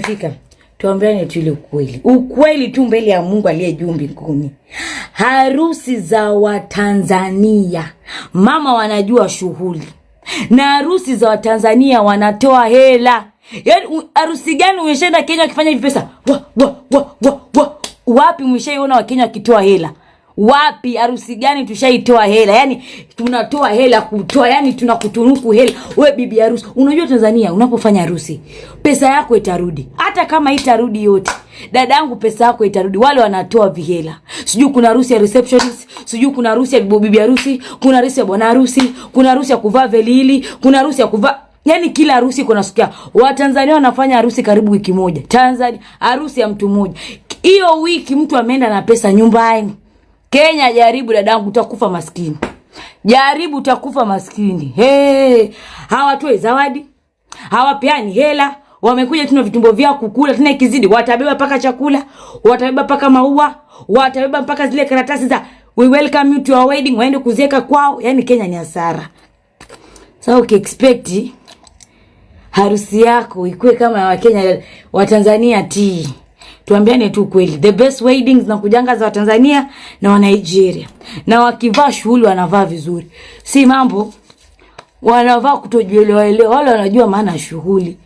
Fika tuambiane tu ile ukweli, ukweli tu mbele ya Mungu aliye juu mbinguni. Harusi za Watanzania mama wanajua shughuli, na harusi za Watanzania wanatoa hela. Yaani harusi gani umeshaenda Kenya wakifanya hivi pesa? Wa, wa, wa, wa, wa. Wapi umeshaiona Wakenya wakitoa hela? Wapi harusi gani tushaitoa hela? Yani tunatoa hela kutoa, yani tunakutunuku hela. We bibi harusi, unajua Tanzania unapofanya harusi pesa yako itarudi, hata kama itarudi yote dadangu, pesa yako itarudi. Wale wanatoa vihela, sijui kuna harusi ya receptionist, sijui kuna harusi ya bibi harusi, kuna harusi ya bwana harusi, kuna harusi ya kuvaa velili, kuna harusi ya kuvaa Yaani kila harusi kuna siku yao. Watanzania wanafanya harusi karibu wiki moja. Tanzania harusi ya mtu mmoja. Hiyo wiki mtu ameenda na pesa nyumbani. Kenya jaribu dadangu, utakufa maskini. Jaribu utakufa maskini. Hey, hawatoi zawadi, hawapeani hela, wamekuja tuna vitumbo vyao kukula, tuna ikizidi watabeba paka chakula, watabeba paka maua, watabeba mpaka zile karatasi za we welcome you to our wedding, waende kuziweka kwao. Yani Kenya ni hasara. Sasa so, ukiexpect harusi yako ikuwe kama ya Wakenya, Watanzania tii tuambiane tu kweli, the best weddings na kujanga za Tanzania na wa Nigeria, na wakivaa shughuli wanavaa vizuri, si mambo wanavaa kutojielewa elewa, wale wanajua maana shughuli.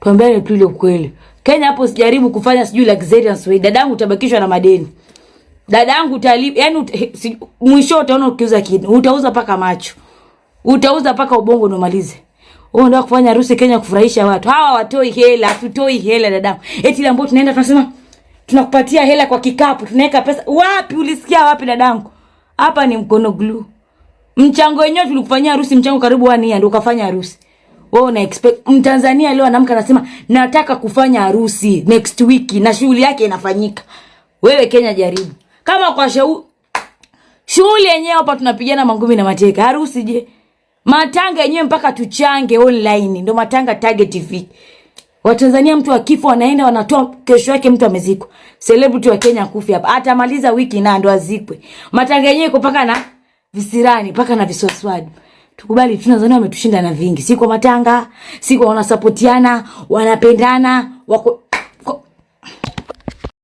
Tuambiane tu ile kweli. Kenya hapo sijaribu kufanya sijui luxurious wedding, dadangu utabakishwa na madeni, dadangu utalipa, yani si, mwisho utaona ukiuza kitu, utauza paka macho, utauza paka ubongo, nomalize wewe unataka kufanya harusi Kenya kufurahisha watu. Hawa watoi hela, tutoi hela dadamu. Eti ile ambayo tunaenda tunasema tunakupatia hela kwa kikapu, tunaweka pesa. Wapi ulisikia wapi dadangu? Hapa ni mkono glue. Mchango wenyewe tulikufanyia harusi mchango karibu wani ndio ukafanya harusi. Wewe una expect Mtanzania leo anaamka anasema nataka kufanya harusi next week na shughuli yake inafanyika. Wewe Kenya jaribu. Kama kwa shau shughuli yenyewe hapa tunapigana mangumi na mateka. Harusi je? Matanga yenyewe mpaka tuchange online ndo matanga Target TV. Watanzania mtu akifa wanaenda wanatoa kesho yake mtu amezikwa. Celebrity wa Kenya kufi hapa. Atamaliza wiki na ndo azikwe. Matanga yenyewe iko paka na visirani, paka na viswaswadi. Tukubali Tanzania wametushinda na vingi. Si kwa matanga, si kwa wanasapotiana, wanapendana, wako